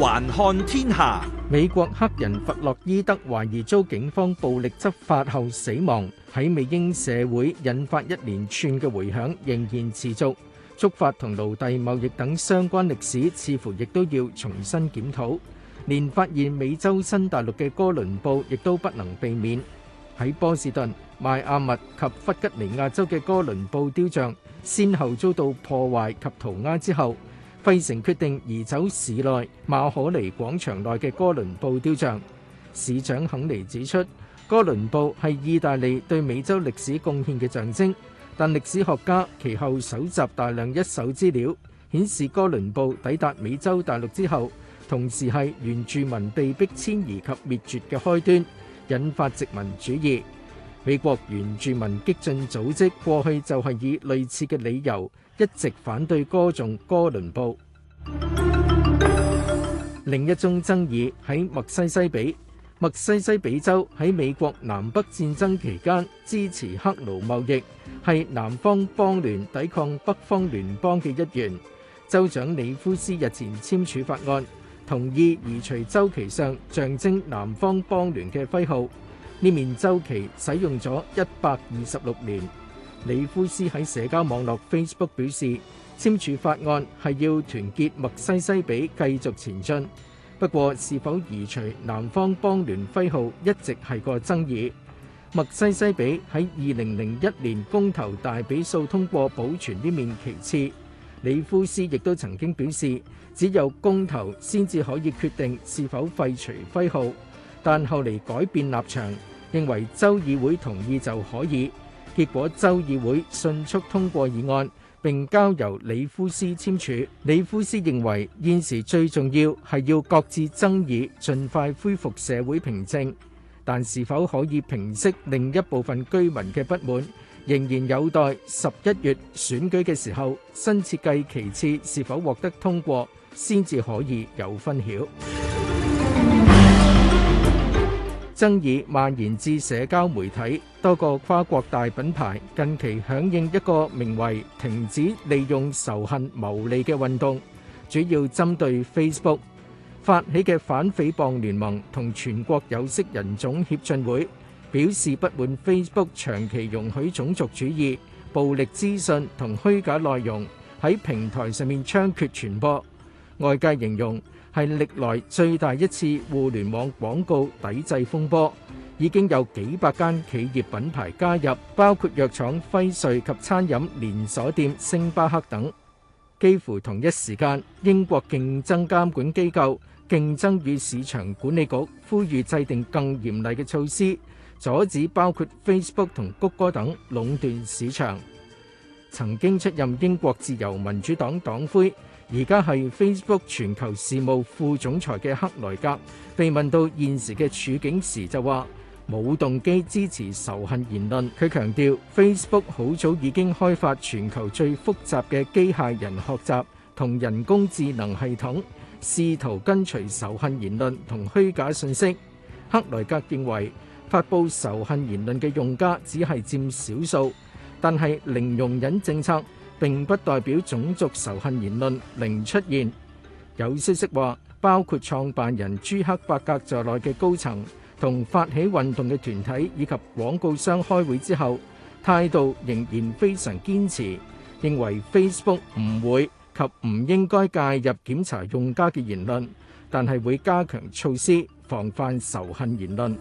還看天下，美國黑人弗洛伊德懷疑遭警方暴力執法後死亡，喺美英社會引發一連串嘅回響，仍然持續。觸發同奴隸貿易等相關歷史，似乎亦都要重新檢討。連發現美洲新大陸嘅哥倫布，亦都不能避免。喺波士頓、邁阿密及弗吉尼亞州嘅哥倫布雕像，先後遭到破壞及塗鴉之後，費城決定移走市內馬可尼廣場內嘅哥倫布雕像。市長肯尼指出，哥倫布係意大利對美洲歷史貢獻嘅象徵，但歷史學家其後搜集大量一手資料，顯示哥倫布抵達美洲大陸之後，同時係原住民被迫遷移及滅絕嘅開端，引發殖民主義。美國原住民激進組織過去就係以類似嘅理由一直反對歌頌哥倫布。另一宗爭議喺密西西比。密西西比州喺美國南北戰爭期間支持黑奴貿易，係南方邦聯抵抗北方聯邦嘅一員。州長里夫斯日前簽署法案，同意移除州旗上象徵南方邦聯嘅徽號。呢面週期使用咗一百二十六年，李夫斯喺社交網絡 Facebook 表示，簽署法案係要團結密西西比繼續前進。不過，是否移除南方邦聯徽號一直係個爭議。密西西比喺二零零一年公投大比數通過保存呢面旗幟，李夫斯亦都曾經表示，只有公投先至可以決定是否廢除徽號。但後來改變立場，認為州議會同意就可以。結果州議會迅速通過議案，並交由李夫斯簽署。李夫斯認為現時最重要係要各自爭議，盡快恢復社會平靜。但是否可以平息另一部分居民嘅不滿，仍然有待十一月選舉嘅時候，新設計其次是否獲得通過，先至可以有分曉。爭議蔓延至社交媒體，多個跨國大品牌近期響應一個名為「停止利用仇恨牟利」嘅運動，主要針對 Facebook。發起嘅反誹謗聯盟同全國有色人種協進會表示不滿 Facebook 長期容許種族主義、暴力資訊同虛假內容喺平台上面猖獗傳播，外界形容，係歷來最大一次互聯網廣告抵制風波，已經有幾百間企業品牌加入，包括藥廠輝瑞及餐飲連鎖店星巴克等。幾乎同一時間，英國競爭監管機構競爭與市場管理局呼籲制定更嚴厲嘅措施，阻止包括 Facebook 同谷歌等壟斷市場。曾經出任英國自由民主黨黨魁，而家係 Facebook 全球事務副總裁嘅克萊格被問到現時嘅處境時就，就話冇動機支持仇恨言論。佢強調 Facebook 好早已經開發全球最複雜嘅機械人學習同人工智能系統，試圖跟隨仇恨言論同虛假信息。克萊格認為發佈仇恨言論嘅用家只係佔少數，但係零容忍政策，並不代表種族仇恨言論零出現。有消息話，包括創辦人朱克伯格在內嘅高層同發起運動嘅團體以及廣告商開會之後，態度仍然非常堅持，認為 Facebook 唔會及唔應該介入檢查用家嘅言論，但係會加強措施防範仇恨言論。